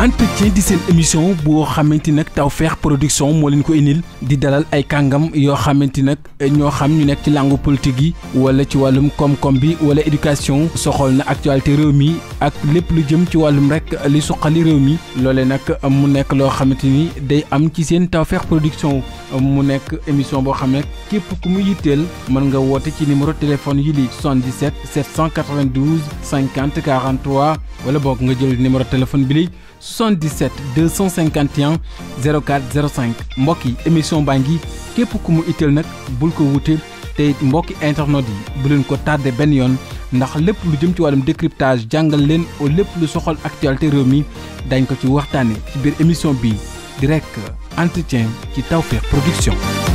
entretien di seen émission boo xamante nag Tawfekh production moo leen ko indil di dalal ay kàngam yoo xamante nag ñoo xam ñu nekk ci làngu politique yi wala ci wàllum koom-koom bi wala éducation soxool na actualité réew mi ak lépp lu jëm ci wàllum rek li suqali réew mi loole nag mu nekk loo xamante ni day am ci seen Tawfekh production mu nekk émission boo xam ne képp ku mu yitteel mën nga woote ci numéro téléphone yi li 77 792 50 43 wala boog nga jël numéro téléphone bi li 77 251 04 05 mbokk yi émission baa ngi képp ku mu itteel nag bul ko wute tey mbokki internet yi bu leen ko tàddee benn yoon ndax lépp lu jëm ci wàllum décryptage jàngal leen o lépp lu soxal actualité réew mi dañ ko ci waxtaane ci biir émission bii direct entretien ci Tawfekh Production